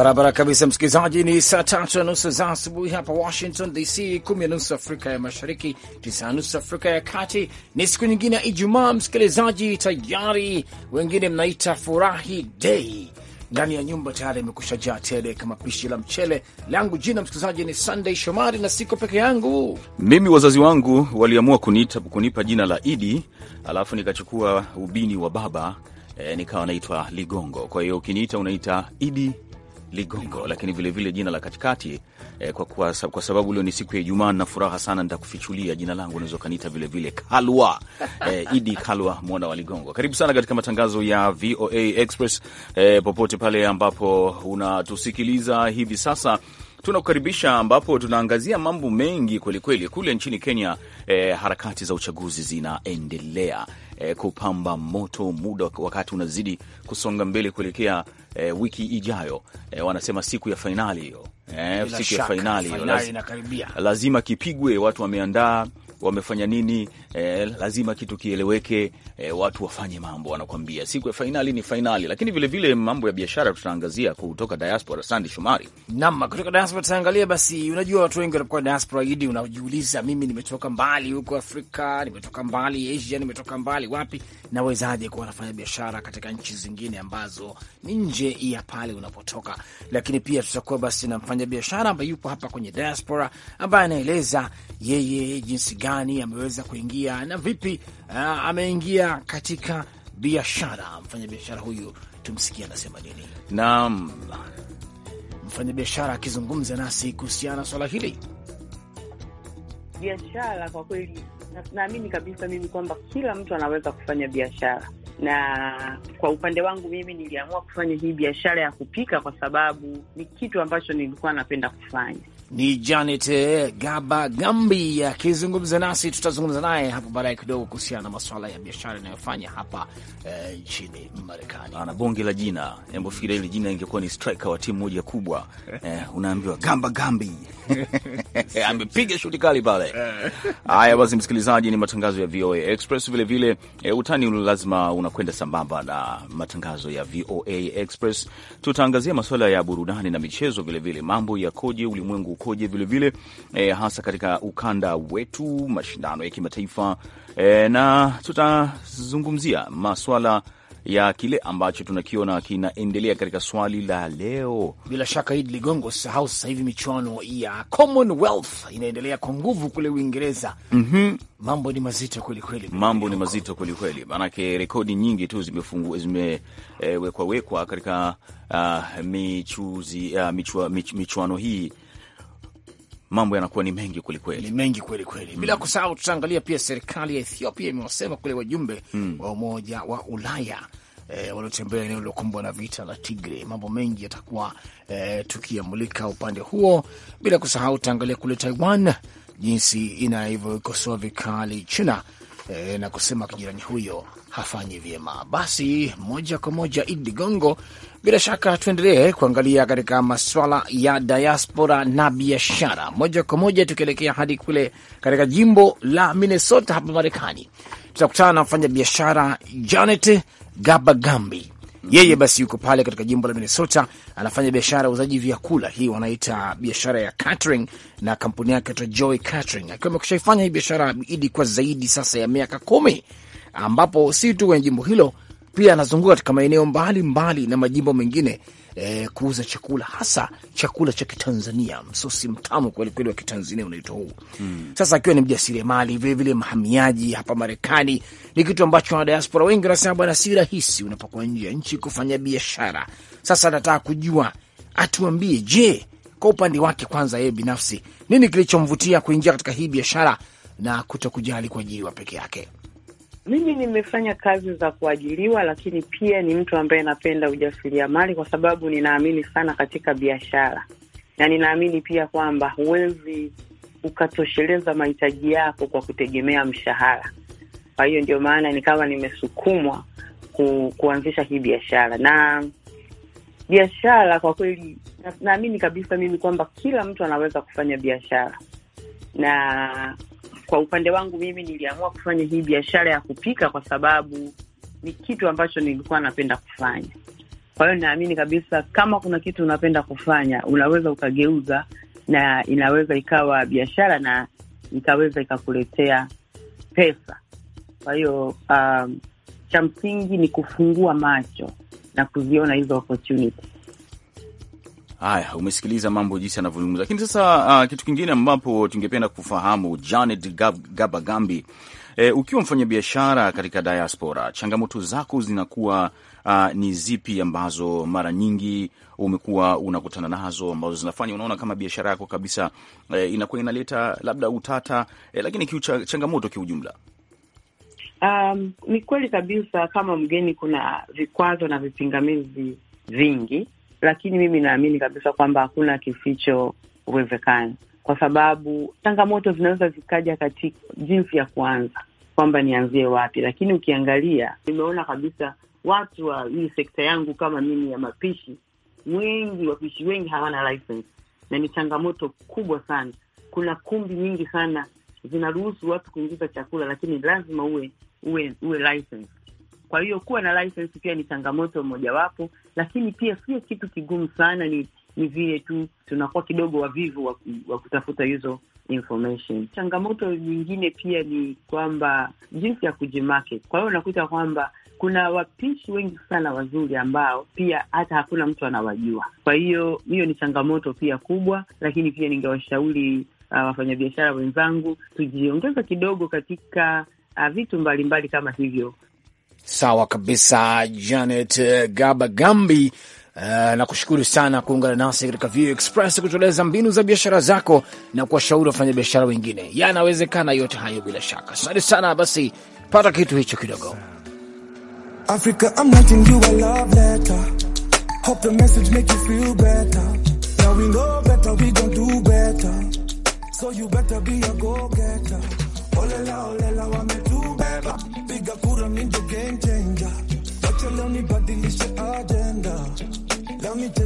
Barabara kabisa, msikilizaji. Ni saa tatu na nusu za asubuhi hapa Washington DC, kumi na nusu Afrika ya Mashariki, tisa na nusu Afrika ya Kati. Ni siku nyingine ya Ijumaa, msikilizaji, tayari wengine mnaita furahi dei ndani ya nyumba tayari imekusha jaa tele kama pishi la mchele langu. Jina msikilizaji ni Sunday Shomari na siko peke yangu. Mimi wazazi wangu waliamua kunita, kunipa jina la Idi alafu nikachukua ubini wa baba e, nikawa naitwa Ligongo. Kwa hiyo ukiniita unaita Idi Ligongo, lakini vilevile vile jina la katikati eh, kwa, kwa, kwa sababu leo ni siku ya Ijumaa na furaha sana, nitakufichulia jina langu, unaweza ukaniita vilevile Kalwa eh, Idi Kalwa mwana wa Ligongo. Karibu sana katika matangazo ya VOA Express eh, popote pale ambapo unatusikiliza hivi sasa tunakukaribisha ambapo tunaangazia mambo mengi kwelikweli. Kule nchini Kenya, eh, harakati za uchaguzi zinaendelea eh, kupamba moto. Muda wakati unazidi kusonga mbele kuelekea eh, wiki ijayo eh, wanasema siku ya fainali hiyo eh, siku ya fainali hiyo lazima kipigwe. Watu wameandaa wamefanya nini? Eh, lazima kitu kieleweke, eh, watu wafanye mambo. Wanakwambia siku ya fainali ni fainali, lakini vilevile vile mambo ya biashara tutaangazia kutoka diaspora. Sandi Shomari nam kutoka diaspora tutaangalia. Basi unajua watu wengi wanapokuwa diaspora idi, unajiuliza mimi nimetoka mbali huko Afrika, nimetoka mbali Asia, nimetoka mbali wapi, nawezaje kuwa nafanya biashara katika nchi zingine ambazo ni nje ya pale unapotoka? Lakini pia tutakuwa basi na mfanya biashara ambaye yupo hapa kwenye diaspora ambaye anaeleza yeye jinsi gani gani ameweza kuingia na vipi uh, ameingia katika biashara. Mfanyabiashara huyu tumsikia anasema nini. Naam, mfanyabiashara akizungumza nasi kuhusiana na swala hili biashara. Kwa kweli naamini na kabisa mimi kwamba kila mtu anaweza kufanya biashara, na kwa upande wangu mimi niliamua kufanya hii biashara ya kupika kwa sababu ni kitu ambacho nilikuwa napenda kufanya ni Janet eh, Gaba Gambi akizungumza nasi. Tutazungumza naye hapo baadaye kidogo kuhusiana na masuala ya biashara inayofanya hapa eh, nchini e, Marekani. Ana bonge la jina, hebu fikiria hili jina ingekuwa ni striker wa timu moja kubwa e, unaambiwa Gamba Gambi amepiga shuti kali pale. Haya basi, msikilizaji, ni matangazo ya VOA Express vilevile vile, e, utani lazima unakwenda sambamba na matangazo ya VOA Express. Tutaangazia masuala ya burudani na michezo vilevile vile. Mambo yakoje ulimwengu ukoje vilevile vile, e, hasa katika ukanda wetu mashindano ya kimataifa e, na tutazungumzia maswala ya kile ambacho tunakiona kinaendelea katika swali la leo. Bila shaka Idi Ligongo, sahau sasa hivi michuano ya Commonwealth inaendelea kwa nguvu kule Uingereza. mm -hmm. Mambo ni mazito kweli kweli, mambo ni mazito kweli kweli, maanake rekodi nyingi tu zimewekwa e, wekwa katika uh, michuzi, uh, michua, mich, michuano hii mambo yanakuwa ni mengi kwelikweli, ni mengi kwelikweli mm. Bila kusahau tutaangalia pia serikali ya Ethiopia imewasema kule wajumbe mm. wa Umoja wa Ulaya E, eh, waliotembea eneo lilokumbwa na vita la Tigre. Mambo mengi yatakuwa e, eh, tukiamulika upande huo, bila kusahau tutaangalia kule Taiwan jinsi inavyokosoa vikali China e, na kusema kijirani huyo hafanyi vyema. Basi moja kwa moja Idi Ligongo, bila shaka tuendelee kuangalia katika maswala ya diaspora na biashara, moja kwa moja tukielekea hadi kule katika jimbo la Minnesota hapa Marekani. Tutakutana na mfanya biashara Janet Gabagambi Mm-hmm. Yeye basi yuko pale katika jimbo la Minnesota, anafanya biashara ya uuzaji vyakula, hii wanaita biashara ya catering, na kampuni yake ta Joy Catering, akiwa amekushaifanya hii biashara idi kwa zaidi sasa ya miaka kumi, ambapo si tu kwenye jimbo hilo, pia anazunguka katika maeneo mbalimbali na majimbo mengine eh, kuuza chakula hasa chakula cha Kitanzania, msosi mtamu kwelikweli wa Kitanzania unaitwa huu mm. Sasa akiwa ni mjasiriamali vilevile mhamiaji hapa Marekani, ni kitu ambacho wanadiaspora wengi wanasema bwana, si rahisi unapokuwa nje ya nchi kufanya biashara. Sasa anataka kujua atuambie, je, kwa upande wake kwanza, yeye binafsi nini kilichomvutia kuingia katika hii biashara na kutokujali kuajiriwa peke yake? Mimi nimefanya kazi za kuajiliwa lakini pia ni mtu ambaye napenda ujasiriamali kwa sababu ninaamini sana katika biashara, na ninaamini pia kwamba huwezi ukatosheleza mahitaji yako kwa kutegemea mshahara. Kwa hiyo ndio maana nikawa nimesukumwa ku, kuanzisha hii biashara na biashara kwa kweli naamini kabisa mimi kwamba kila mtu anaweza kufanya biashara, na kwa upande wangu mimi niliamua kufanya hii biashara ya kupika kwa sababu ni kitu ambacho nilikuwa napenda kufanya. Kwa hiyo naamini kabisa kama kuna kitu unapenda kufanya unaweza ukageuza, na inaweza ikawa biashara na ikaweza ikakuletea pesa. Kwa hiyo um, cha msingi ni kufungua macho na kuziona hizo Haya, umesikiliza mambo jinsi anavyozungumza, lakini sasa uh, kitu kingine ambapo tungependa kufahamu Janet Gab, Gabagambi, e, ukiwa mfanyabiashara katika diaspora, changamoto zako zinakuwa uh, ni zipi ambazo mara nyingi umekuwa unakutana nazo ambazo zinafanya unaona kama biashara yako kabisa e, inakuwa inaleta labda utata e, lakini kiucha, changamoto kiujumla? Um, ni kweli kabisa, kama mgeni kuna vikwazo na vipingamizi vingi lakini mimi naamini kabisa kwamba hakuna kificho uwezekani, kwa sababu changamoto zinaweza zikaja katika jinsi ya kuanza, kwamba nianzie wapi. Lakini ukiangalia, nimeona kabisa watu wa hii sekta yangu kama mimi ya mapishi, wengi wapishi wengi hawana license, na ni changamoto kubwa sana. Kuna kumbi nyingi sana zinaruhusu watu kuingiza chakula, lakini lazima uwe uwe uwe license kwa hiyo kuwa na license pia ni changamoto mojawapo, lakini pia sio kitu kigumu sana, ni ni vile tu tunakuwa kidogo wavivu wa, wa kutafuta hizo information. Changamoto nyingine pia ni kwamba jinsi ya kujimarket. Kwa hiyo unakuta kwamba kuna wapishi wengi sana wazuri ambao pia hata hakuna mtu anawajua. Kwa hiyo hiyo ni changamoto pia kubwa, lakini pia ningewashauri uh, wafanyabiashara wenzangu tujiongeza kidogo katika uh, vitu mbalimbali mbali kama hivyo Sawa kabisa, Janet eh, Gabagambi. Uh, eh, na kushukuru sana kuungana nasi katika View Express kutueleza mbinu za biashara zako na kuwashauri wafanya biashara wengine. Yanawezekana yote hayo bila shaka. Asante sana, basi pata kitu hicho kidogo. Africa, I'm writing you a love letter. Hope the message make you feel better. Now we know better, we do better. So you better be a go-getter. Olela, olela,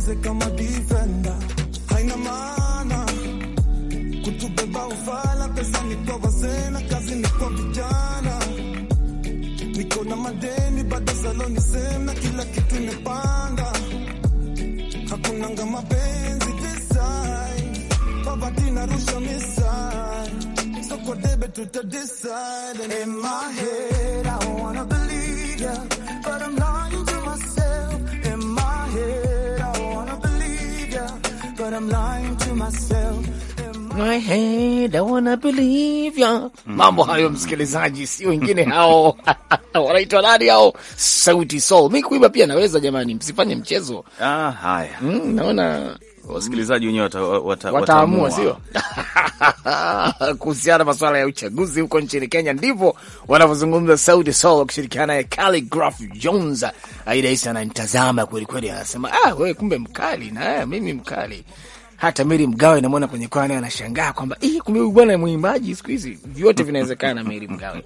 tucheze kama defender, haina maana kutubeba ufala. Pesa ni kwa wazee na kazi ni kwa vijana. Niko na madeni bado saloni sema kila kitu imepanda, hakuna ngama penzi design baba tina rusha misa soko debe tuta decide in my head Mambo hayo msikilizaji, si wengine hao wanaitwa nani hao? Sauti Soul. Mi kuimba pia naweza, jamani, msifanye mchezo. Ah, haya. Mm, naona wasikilizaji wenyewe wataamua, sio kuhusiana na masuala ya uchaguzi huko nchini Kenya. Ndivyo wanavyozungumza Sauti Sol wakishirikiana naye Khaligraph Jones. Aida Isa ananitazama kwelikweli, anasema ah, wewe kumbe mkali na mimi mkali hata Meri Mgawe namwona kwenye kwaya naye anashangaa kwamba kumbe huyu bwana mwimbaji siku hizi vyote vinawezekana. Meri Mgawe.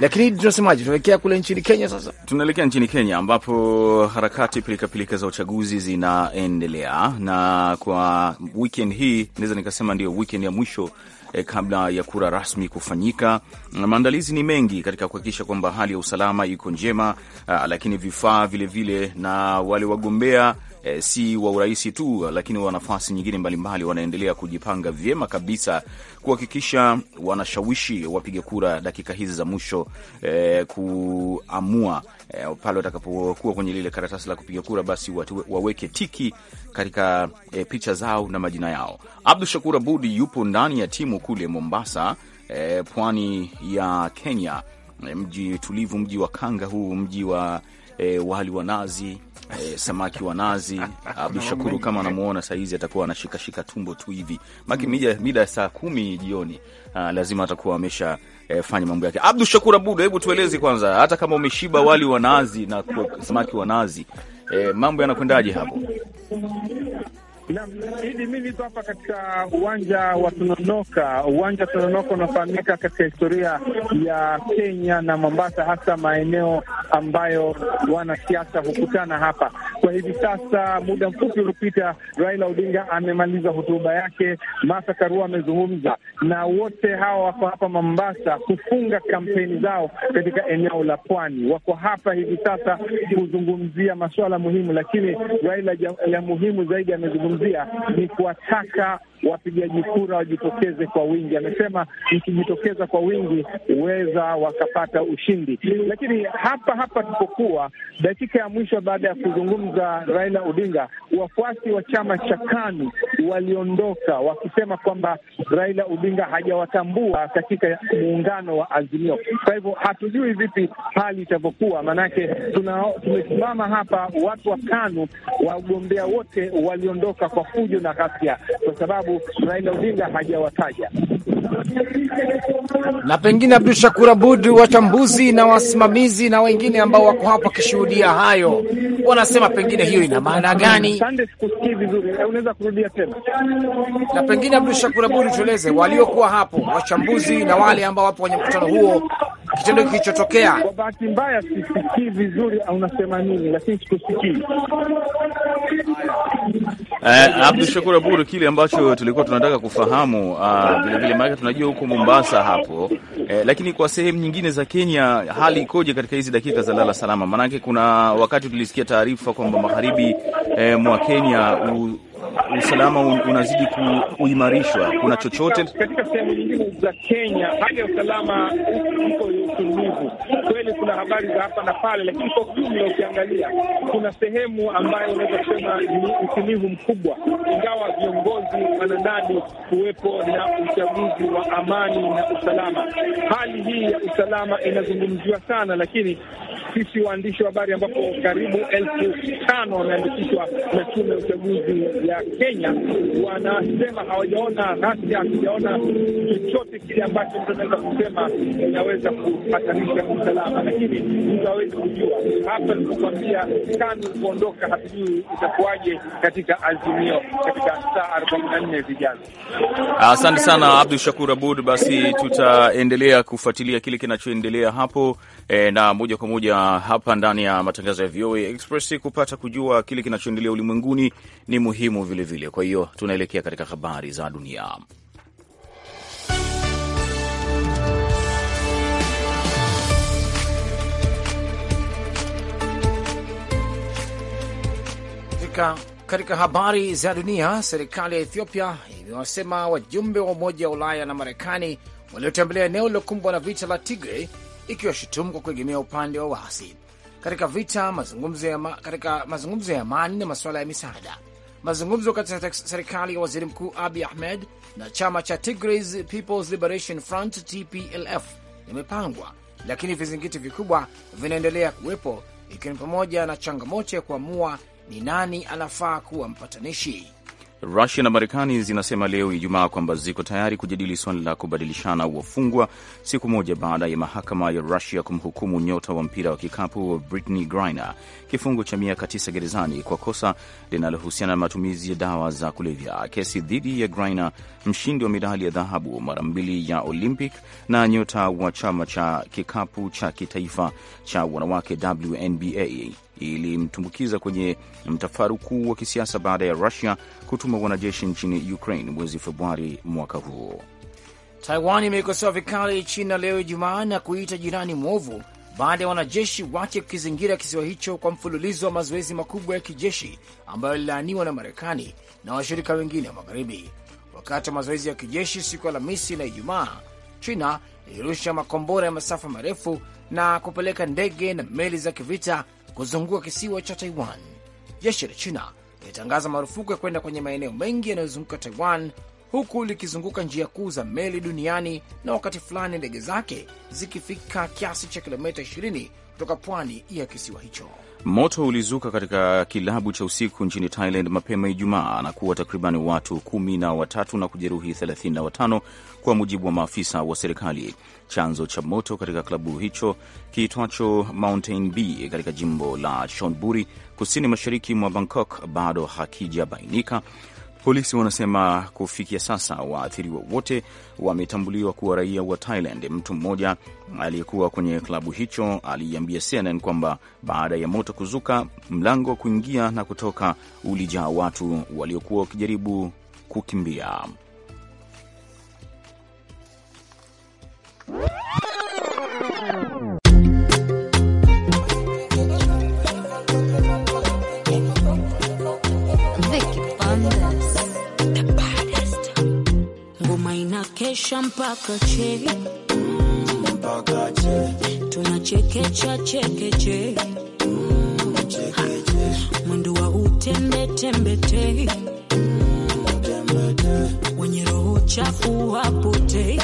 Lakini tunasemaje, tunaelekea kule nchini Kenya sasa. Tunaelekea nchini Kenya ambapo harakati pilika pilika za uchaguzi zinaendelea, na kwa weekend hii naweza nikasema ndio weekend ya mwisho E, kabla ya kura rasmi kufanyika, maandalizi ni mengi katika kuhakikisha kwamba hali ya usalama iko njema, ah, lakini vifaa vilevile na wale wagombea e, si wa urais tu, lakini wa nafasi nyingine mbalimbali wanaendelea kujipanga vyema kabisa kuhakikisha wanashawishi wapiga kura dakika hizi za mwisho e, kuamua e, pale watakapokuwa kwenye lile karatasi la kupiga kura, basi watu, waweke tiki katika e, picha zao na majina yao. Abdu Shakur Abud yupo ndani ya timu kule Mombasa, e, pwani ya Kenya, mji tulivu, mji wa kanga huu, mji wa e, wali wa nazi e, samaki wa nazi. Abdu Shakuru kama anamuona saizi atakuwa anashikashika tumbo tu hivi maki mida ya saa kumi jioni a, ah, lazima atakuwa amesha e, fanya mambo yake. Abdu Shakur Abud, hebu tueleze kwanza, hata kama umeshiba wali wa nazi na samaki wa nazi e, mambo yanakwendaje hapo? Naam, mi mimi niko hapa katika uwanja wa Tononoka. Uwanja wa Tononoka unafahamika katika historia ya Kenya na Mombasa, hasa maeneo ambayo wanasiasa hukutana hapa. Kwa hivi sasa, muda mfupi uliopita, Raila Odinga amemaliza hotuba yake, Martha Karua amezungumza, na wote hawa wako hapa Mombasa kufunga kampeni zao katika eneo la pwani. Wako hapa hivi sasa kuzungumzia masuala muhimu, lakini Raila ya muhimu zaidi amezungumza kuzungumzia ni kuwataka wapigaji kura wajitokeze kwa wingi. Amesema mkijitokeza kwa wingi huweza wakapata ushindi. Lakini hapa hapa tulipokuwa, dakika ya mwisho baada ya kuzungumza Raila Odinga, wafuasi wa chama cha KANU waliondoka wakisema kwamba Raila Odinga hajawatambua katika muungano wa Azimio. Kwa hivyo hatujui vipi hali itavyokuwa, maanake tumesimama hapa, watu wa KANU wagombea wote waliondoka kwa fujo na ghasia, kwa sababu Raila Odinga hajawataja. Na pengine Abdu Shakur Abud, wachambuzi na wasimamizi na wengine ambao wako hapo wakishuhudia hayo wanasema pengine hiyo ina maana gani? Eh, unaweza kurudia tena? Na pengine Abdu Shakur Abud, tueleze waliokuwa hapo, wachambuzi na wale ambao wapo kwenye mkutano huo kitendo kilichotokea. Kwa bahati mbaya sisikii vizuri, au unasema nini? Lakini sikusikii. Eh, Abdu Shakur Abud, kile ambacho tulikuwa tunataka kufahamu vilevile, ah, uh, maanake tunajua huko Mombasa hapo eh, lakini kwa sehemu nyingine za Kenya hali ikoje katika hizi dakika za lala salama? Maanake kuna wakati tulisikia taarifa kwamba magharibi eh, mwa Kenya usalama unazidi kuimarishwa, kuna chochote katika sehemu nyingine za Kenya hali ya usalama uko tulivu, kuna habari za hapa na pale, lakini kwa ujumla ukiangalia, kuna sehemu ambayo unaweza kusema ni utulivu mkubwa, ingawa viongozi wanadadi kuwepo na uchaguzi wa amani na usalama. Hali hii ya usalama inazungumziwa sana, lakini sisi waandishi wa habari ambapo karibu elfu tano wameandikishwa na tume ya uchaguzi ya Kenya wanasema hawajaona ghasia, hatujaona chochote kile ambacho mtu anaweza kusema inaweza kuhatarisha usalama lakini mtu kujua. Hapa nikukwambia, KANU kuondoka, hatujui itakuwaje katika azimio katika saa arobaini na nne zijazo. Asante sana Abdu Shakur Abud. Basi tutaendelea kufuatilia kile kinachoendelea hapo e, na moja kwa moja hapa ndani ya matangazo ya VOA Express kupata kujua kile kinachoendelea ulimwenguni ni muhimu vilevile vile. Kwa hiyo tunaelekea katika habari za dunia. Afrika. Katika habari za dunia, serikali ya Ethiopia imewasema wajumbe wa Umoja wa Ulaya na Marekani waliotembelea eneo lilokumbwa na vita la Tigray, ikiwashutumu kwa kuegemea upande wa waasi katika vita mazungumzo ya ma, katika mazungumzo ya amani na masuala ya misaada. Mazungumzo kati ya serikali ya waziri mkuu Abiy Ahmed na chama cha Tigray People's Liberation Front TPLF yamepangwa, lakini vizingiti vikubwa vinaendelea kuwepo, ikiwa ni pamoja na changamoto ya kuamua ni nani anafaa kuwa mpatanishi. Rusia na Marekani zinasema leo Ijumaa kwamba ziko tayari kujadili suala la kubadilishana wafungwa siku moja baada ya mahakama ya Rusia kumhukumu nyota wa mpira wa kikapu wa Brittney Griner kifungo cha miaka tisa gerezani kwa kosa linalohusiana na matumizi ya dawa za kulevya. Kesi dhidi ya Griner, mshindi wa medali ya dhahabu mara mbili ya Olympic na nyota wa chama cha kikapu cha kitaifa cha wanawake WNBA ilimtumbukiza kwenye mtafaruku wa kisiasa baada ya Rusia kutuma wanajeshi nchini Ukraine mwezi Februari mwaka huo. Taiwan imeikosoa vikali China leo Ijumaa na kuita jirani mwovu baada ya wanajeshi wake kukizingira kisiwa hicho kwa mfululizo wa mazoezi makubwa ya kijeshi ambayo yalilaaniwa na Marekani na washirika wengine wa Magharibi. Wakati wa mazoezi ya kijeshi siku Alhamisi na Ijumaa, China ilirusha makombora ya masafa marefu na kupeleka ndege na meli za kivita kuzunguka kisiwa cha Taiwan. Jeshi la China lilitangaza marufuku ya kwenda kwenye maeneo mengi yanayozunguka Taiwan, huku likizunguka njia kuu za meli duniani na wakati fulani ndege zake zikifika kiasi cha kilomita 20 kutoka pwani ya kisiwa hicho. Moto ulizuka katika kilabu cha usiku nchini Thailand mapema Ijumaa na kuwa takriban watu kumi na watatu na kujeruhi 35 kwa mujibu wa maafisa wa serikali. Chanzo cha moto katika klabu hicho kiitwacho Mountain B katika jimbo la Chonburi kusini mashariki mwa Bangkok bado hakijabainika, Polisi wanasema kufikia sasa waathiriwa wote wametambuliwa kuwa raia wa Thailand. Mtu mmoja aliyekuwa kwenye klabu hicho aliiambia CNN kwamba baada ya moto kuzuka, mlango wa kuingia na kutoka ulijaa watu waliokuwa wakijaribu kukimbia. tunachekesha mpaka che mpaka che tunachekecha chekeche mwendo wa utembetembete wenye roho chafu wapotei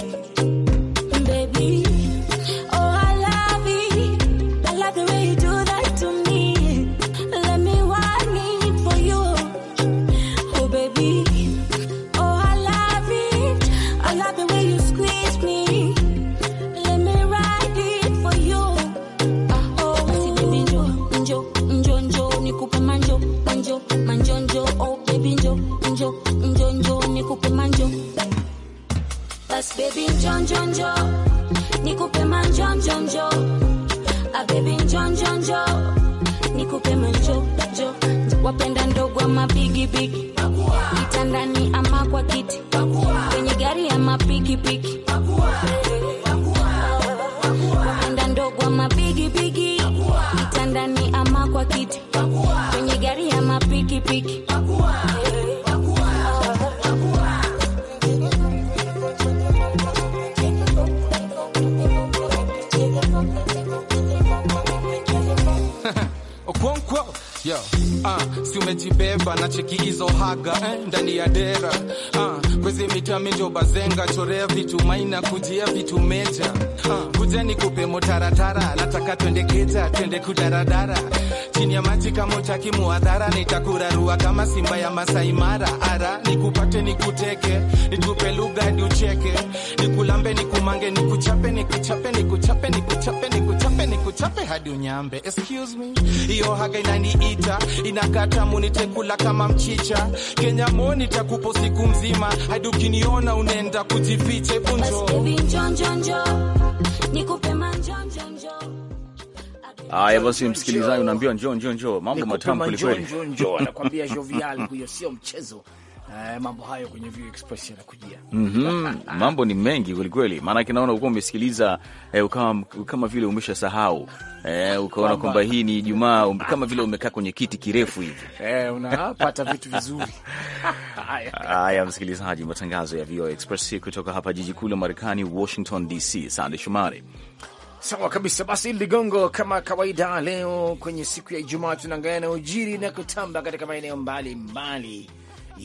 ndani ya dera uh, kwezi mita meja bazenga chorea vitu maina kujia vitu meja uh, kuja ni kupe motaratara nataka twende keja twende kudaradara chini ya maji kama utaki muadhara nitakurarua kama simba ya Masai Mara ara nikupate nikuteke nitupe lugha hadi ucheke nikulambe nikumange nikuchape nikuchape nikuchape nikuchape nikuchape nikuchape hadi unyambe excuse me hiyo haga inaniita inakata munite kula kama mchicha Kenya Nina moni takupo siku mzima, hadi ukiniona unaenda kujificha. Hebu njoo Haya basi, msikilizaji, unaambiwa njoo njoo njoo, mambo matamu kweli kweli, njoo njoo, anakuambia Jovial, huyo sio mchezo. Eh, mambo hayo kwenye View Express yanakujia. mm -hmm. Mambo ni mengi kwelikweli, maanake naona ukuwa umesikiliza eh, ukawa kama vile umeshasahau eh, ukaona kwamba hii ni Ijumaa um, kama vile umekaa kwenye kiti kirefu hivi eh, unapata vitu vizuri haya. Msikilizaji, matangazo ya View Express kutoka hapa jiji kuu la Marekani, Washington DC. Sande Shumari. Sawa kabisa. Basi Ligongo, kama kawaida, leo kwenye siku ya Ijumaa tunaangalia na ujiri na kutamba katika maeneo mbalimbali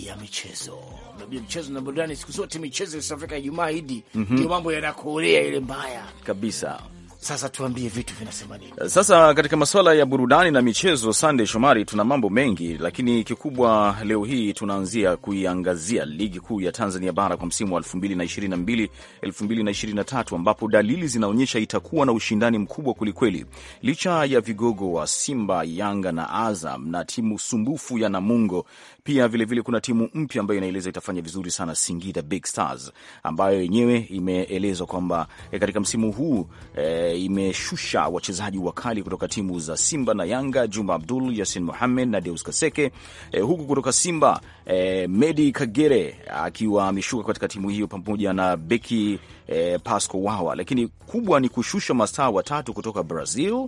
ya michezo. Unajua michezo na burudani siku zote, michezo isafika Ijumaa hidi mhm. ndio mm -hmm. mambo yanakorea ile mbaya kabisa. Sasa tuambie vitu vinasema nini? Sasa katika masuala ya burudani na michezo, Sande Shomari, tuna mambo mengi, lakini kikubwa leo hii tunaanzia kuiangazia ligi kuu ya Tanzania bara kwa msimu wa 2022 2023, ambapo dalili zinaonyesha itakuwa na ushindani mkubwa kwelikweli, licha ya vigogo wa Simba, Yanga na Azam na timu sumbufu ya Namungo pia vilevile vile kuna timu mpya ambayo inaeleza itafanya vizuri sana, Singida Big Stars, ambayo yenyewe imeelezwa kwamba e, katika msimu huu e, imeshusha wachezaji wakali kutoka timu za Simba na Yanga, Juma Abdul, Yasin muhammed na Deus Kaseke, e, huku kutoka Simba e, Medi Kagere akiwa ameshuka katika timu hiyo pamoja na beki e, Pasco Wawa, lakini kubwa ni kushusha mastaa watatu kutoka Brazil,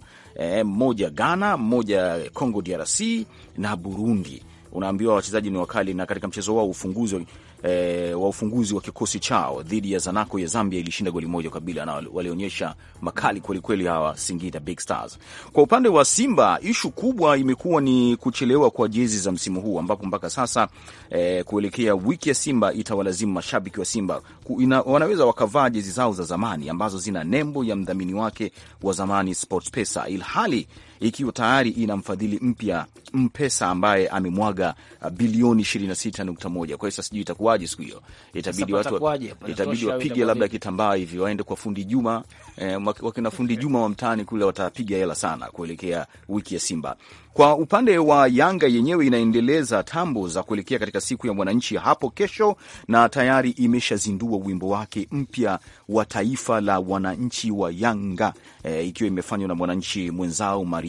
mmoja e, Ghana, mmoja Congo DRC na Burundi unaambiwa wachezaji ni wakali, na katika mchezo wao ufunguzi, e, wa ufunguzi wa kikosi chao dhidi ya Zanaco ya Zambia ilishinda goli moja kabila, na walionyesha makali kwelikweli hawa Singida Big Stars. Kwa upande wa Simba, ishu kubwa imekuwa ni kuchelewa kwa jezi za msimu huu ambapo mpaka sasa e, kuelekea wiki ya Simba itawalazimu mashabiki wa Simba ina, wanaweza wakavaa jezi zao za zamani ambazo zina nembo ya mdhamini wake wa zamani Sportpesa ilhali ikiwa tayari ina mfadhili mpya Mpesa ambaye amemwaga uh, bilioni 26.1. Kwa sasa sijui itakuwaje siku hiyo, itabidi watu itabidi wapige labda kitambaa hivi waende kwa fundi Juma eh, wakina fundi Juma wa mtaani kule watapiga hela sana kuelekea wiki ya Simba. Kwa upande wa Yanga yenyewe inaendeleza tambo za kuelekea katika siku ya mwananchi hapo kesho, na tayari imeshazindua wimbo wake mpya wa taifa la wananchi wa Yanga eh, ikiwa imefanywa na mwananchi mwenzao Maria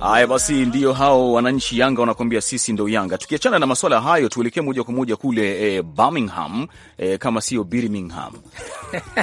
Haya basi, ndiyo hao wananchi Yanga wanakuambia sisi ndo Yanga. Tukiachana na maswala hayo, tuelekee moja kwa moja kule eh, Birmingham eh, kama sio Birmingham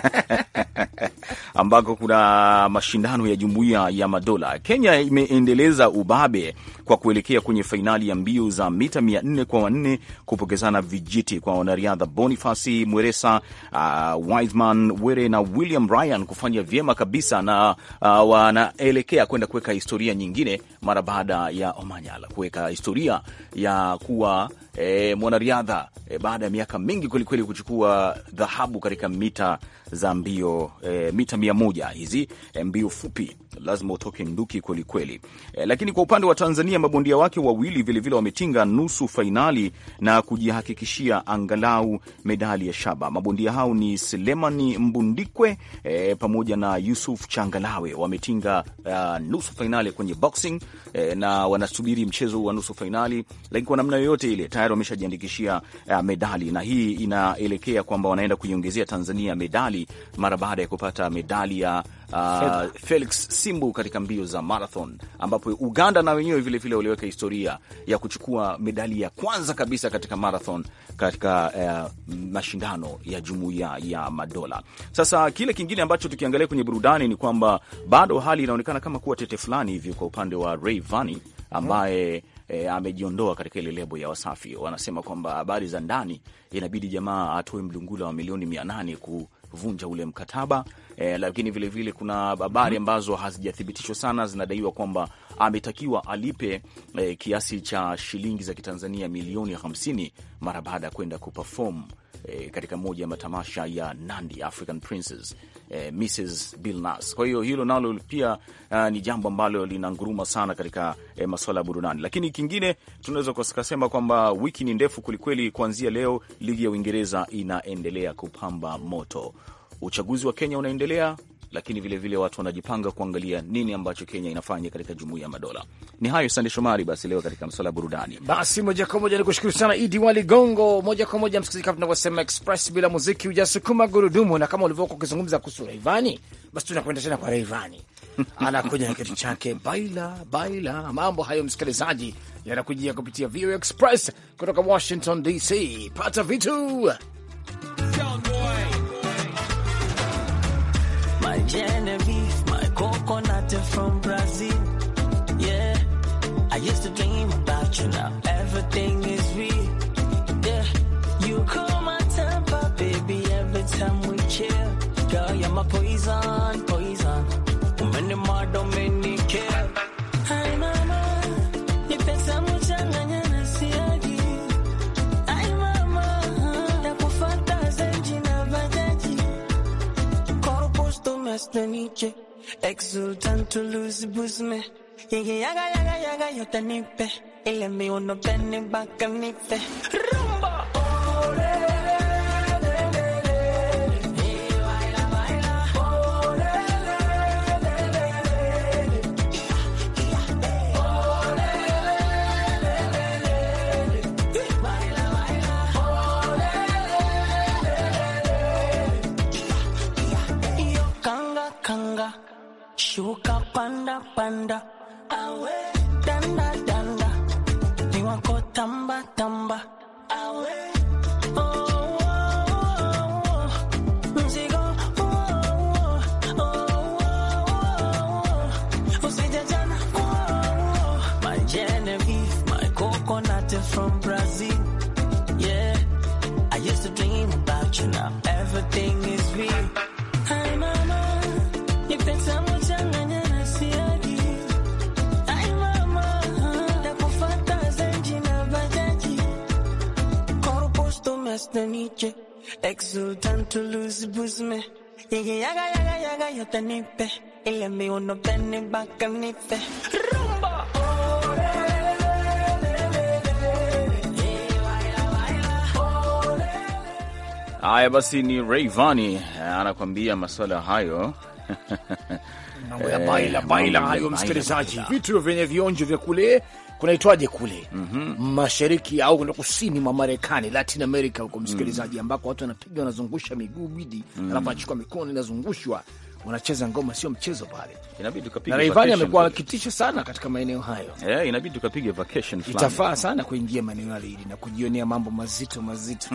ambako kuna mashindano ya jumuiya ya madola. Kenya imeendeleza ubabe kwa kuelekea kwenye fainali ya mbio za mita mia kwa wanne kupokezana vijiti kwa wanariadha Bonifasi Mweresa, uh, Wiseman Were na William Ryan kufanya vyema kabisa na uh, wanaelekea kwenda kuweka historia nyingine mara baada ya Omanyala kuweka historia ya kuwa E, mwanariadha e, baada ya miaka mingi kwelikweli kuchukua dhahabu katika mita za mbio e, mita mia moja hizi eh, mbio fupi, lazima utoke nduki kweli kweli. E, lakini kwa upande wa Tanzania mabondia wake wawili vilevile wametinga nusu fainali na kujihakikishia angalau medali ya shaba. Mabondia hao ni Selemani Mbundikwe e, pamoja na Yusuf Changalawe wametinga uh, nusu fainali kwenye boxing e, na wanasubiri mchezo wa nusu fainali, lakini kwa namna yoyote ile tayari wameshajiandikishia uh, medali na hii inaelekea kwamba wanaenda kuiongezea Tanzania medali mara baada ya kupata medali medali ya uh, Felix Simbu katika mbio za marathon, ambapo Uganda na wenyewe vilevile waliweka historia ya kuchukua medali ya kwanza kabisa katika marathon katika uh, mashindano ya jumuiya ya madola. Sasa kile kingine ambacho tukiangalia kwenye burudani ni kwamba bado hali inaonekana kama kuwa tete fulani hivi kwa upande wa Vani ambaye hmm. E, amejiondoa katika ile lebo ya Wasafi. Wanasema kwamba habari za ndani, inabidi jamaa atoe mdungula wa milioni mia nane kuvunja ule mkataba eh, lakini vilevile vile kuna habari ambazo hazijathibitishwa sana, zinadaiwa kwamba ametakiwa alipe eh, kiasi cha shilingi za Kitanzania milioni 50 mara baada ya kwenda kuperform E, katika moja ya matamasha ya Nandi African Princes e, eh, Mrs Bill Kwa hiyo hilo nalo pia a, eh, ni jambo ambalo lina nguruma sana katika e, masuala ya burudani, lakini kingine tunaweza kusema kwamba wiki ni ndefu kwelikweli. Kuanzia leo ligi ya Uingereza inaendelea kupamba moto uchaguzi wa Kenya unaendelea, lakini vilevile vile watu wanajipanga kuangalia nini ambacho Kenya inafanya katika jumuiya ya madola. Ni hayo Sande Shomari basi leo katika masuala ya burudani. Basi moja kwa moja nikushukuru sana Idi Wali Gongo. Moja kwa moja msikilizaji, kama tunavyosema express, bila muziki hujasukuma gurudumu, na kama ulivyokuwa ukizungumza kuhusu Raivani, basi tunakwenda tena kwa Raivani. anakuja na kitu chake baila baila. Mambo hayo msikilizaji yanakujia kupitia VOA Express kutoka Washington DC. Pata vitu Genevieve, my coconut from Brazil. Yeah, I used to dream about you now. Everything is real. Yeah, you call my temper, baby, every time we chill. Girl, you're my poison. noche. Exultante luz busme. Llegué, yaga, yaga, yaga, yo te nipe. El enemigo no tiene vaca ni Shuka panda panda, awe danda danda, niwako tamba tamba, awe yo te nipe, ile mi uno teni baka nipe. Rumba! Haya basi, ni Rayvanny eh, anakuambia maswala hayo. Mambo ya baila eh, baila hayo, msikilizaji, vitu vyenye vionjo vya kule kunaitwaje kule mm -hmm. mashariki au kuna kusini mwa Marekani, Latin America huko, msikilizaji, mm. ambako watu wanapiga wanazungusha miguu bidi, mm. alafu mm -hmm. achukua mikono inazungushwa wanacheza ngoma sio mchezo pale. Inabidi tukapige Na Rayvanny amekuwa kitisho sana katika maeneo hayo. Eh, Yeah, inabidi tukapige vacation flani. Itafaa sana kuingia maeneo yale ili na kujionea mambo mazito mazito.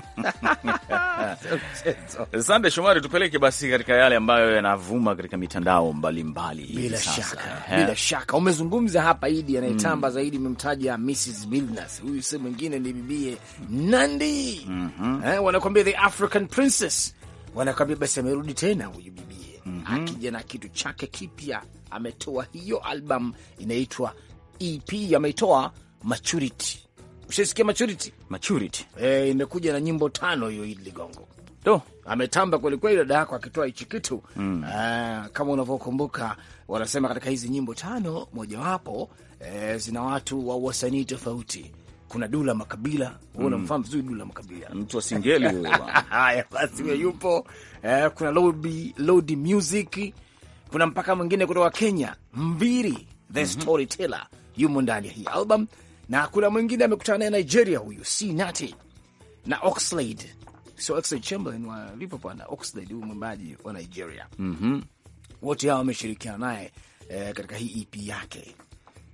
Sande Shomari, tupeleke basi katika yale ambayo yanavuma katika mitandao mbalimbali mbali. Bila sasa shaka. Yeah. Bila shaka. Umezungumza hapa Idi anayetamba mm. zaidi umemtaja Mrs. Billnas. Huyu si mwingine ni bibie Nandi. Mm -hmm. Eh, wanakwambia the African Princess. Wanakwambia basi amerudi tena huyu bibi mm -hmm. akija na kitu chake kipya. Ametoa hiyo album inaitwa EP, ameitoa Maturity. Ushasikia Maturity? Maturity eh, imekuja na nyimbo tano hiyo, ili ligongo Do. ametamba kwelikweli dada yako akitoa hichi kitu mm. Ah, kama unavyokumbuka wanasema katika hizi nyimbo tano mojawapo eh, zina watu wa wasanii tofauti kuna Dula Makabila, mm. unamfahamu vizuri Dula Makabila, mtu wa singeli huyo. Haya basi, huyo yupo. eh, Kuna Lodi, Lodi Music, kuna mpaka mwingine kutoka Kenya, Mbiri the mm -hmm. Storyteller yumo ndani ya hii album, na kuna mwingine amekutana naye Nigeria, huyu si nati na Oxlade, so Oxlade Chamberlain wa Liverpool na Oxlade, huyu mwimbaji wa Nigeria mm -hmm. wote hao wameshirikiana naye eh, katika hii EP yake.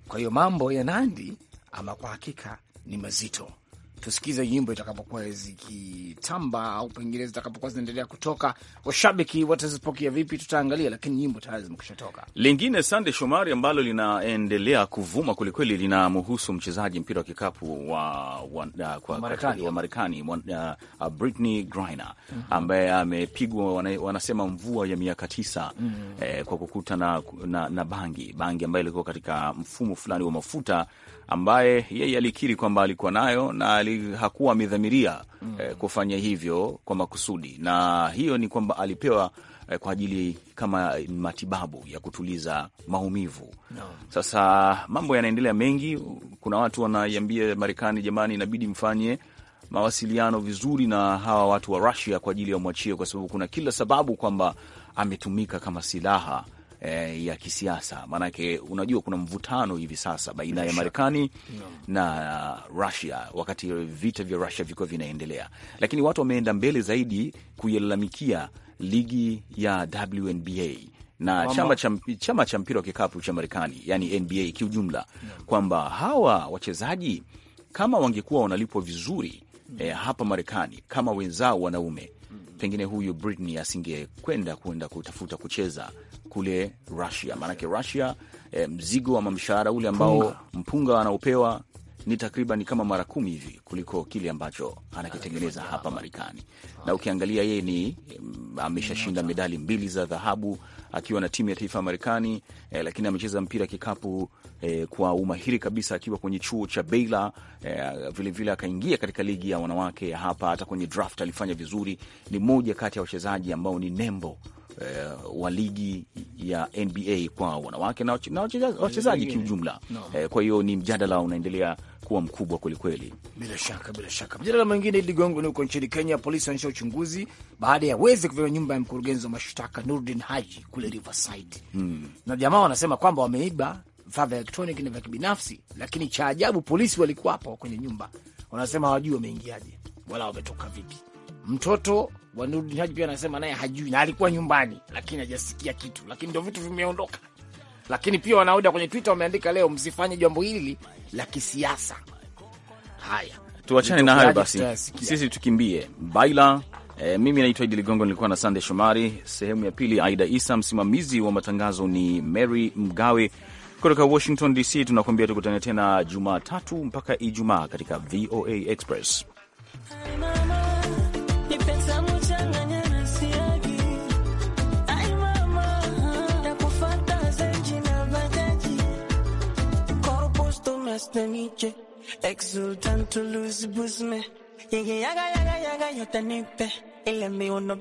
Kwa hiyo mambo ya Nandi ama kwa hakika ni mazito tusikize nyimbo itakapokuwa zikitamba au pengine zitakapokuwa zinaendelea kutoka, washabiki watazipokea vipi tutaangalia, lakini nyimbo tayari zimekusha toka. Lingine Sande Shomari ambalo linaendelea kuvuma kwelikweli linamhusu mchezaji mpira wa kikapu wa, wa, wa wa, wa Marekani uh, Brittney Griner mm -hmm. ambaye amepigwa wanasema mvua ya miaka tisa mm -hmm. eh, kwa kukuta na, na, na bangi bangi ambayo ilikuwa katika mfumo fulani wa mafuta ambaye yeye alikiri kwamba alikuwa nayo na hakuwa amedhamiria mm. eh, kufanya hivyo kwa makusudi, na hiyo ni kwamba alipewa eh, kwa ajili kama matibabu ya kutuliza maumivu no. Sasa mambo yanaendelea mengi, kuna watu wanaiambia Marekani, jamani, inabidi mfanye mawasiliano vizuri na hawa watu wa Russia kwa ajili ya umwachie, kwa sababu kuna kila sababu kwamba ametumika kama silaha eh, ya kisiasa. Maanake unajua kuna mvutano hivi sasa baina ya Marekani no. na uh, Rusia, wakati vita vya Rusia vikuwa vinaendelea, lakini watu wameenda mbele zaidi kuilalamikia ligi ya WNBA na chama cha, chama cha mpira wa kikapu cha Marekani yani NBA kiujumla, kwamba hawa wachezaji kama wangekuwa wanalipwa vizuri eh, hapa Marekani kama wenzao wanaume pengine huyu Britney asingekwenda kuenda kutafuta kucheza kule Russia, maanake Russia e, mzigo ama mshahara ule ambao mpunga, mpunga anaopewa ni takriban kama mara kumi hivi kuliko kile ambacho anakitengeneza hapa Marekani. Na ukiangalia yeye ni mm, ameshashinda medali mbili za dhahabu akiwa na timu ya taifa ya Marekani eh, lakini amecheza mpira kikapu eh, kwa umahiri kabisa akiwa kwenye chuo cha Baylor eh, vilevile akaingia katika ligi ya wanawake hapa. Hata kwenye draft alifanya vizuri, ni mmoja kati ya wachezaji ambao ni nembo Uh, wa ligi ya NBA kwa wanawake na wachezaji kiujumla. No. Uh, kwa hiyo ni mjadala unaendelea kuwa mkubwa kwelikweli. Bila shaka, bila shaka. Mjadala mwingine iligongo ni huko nchini Kenya. Polisi wanaisha uchunguzi baada ya wezi kuvia nyumba ya mkurugenzi wa mashtaka Nurdin Haji kule Riverside hmm. na jamaa wanasema kwamba wameiba vifaa vya elektroniki na vya kibinafsi, lakini cha ajabu polisi walikuwa hapo kwenye nyumba, wanasema hawajui wameingiaje wala wametoka vipi. Mtoto wa Nurdin Haji pia anasema naye hajui na alikuwa nyumbani, lakini hajasikia kitu, lakini ndo vitu vimeondoka. Lakini pia wanaoda kwenye Twitter wameandika leo, msifanye jambo hili la kisiasa. Haya, tuachane na hayo basi, sisi tukimbie baila. E, mimi naitwa Idi Ligongo, nilikuwa na Sande Shomari. Sehemu ya pili, Aida Isa. Msimamizi wa matangazo ni Mary Mgawe kutoka Washington DC. Tunakuambia tukutane tena Jumatatu mpaka Ijumaa katika VOA Express. exultan exultante luz busme. ya yaga, yaga, yaga, yo te nipe. Y le envío no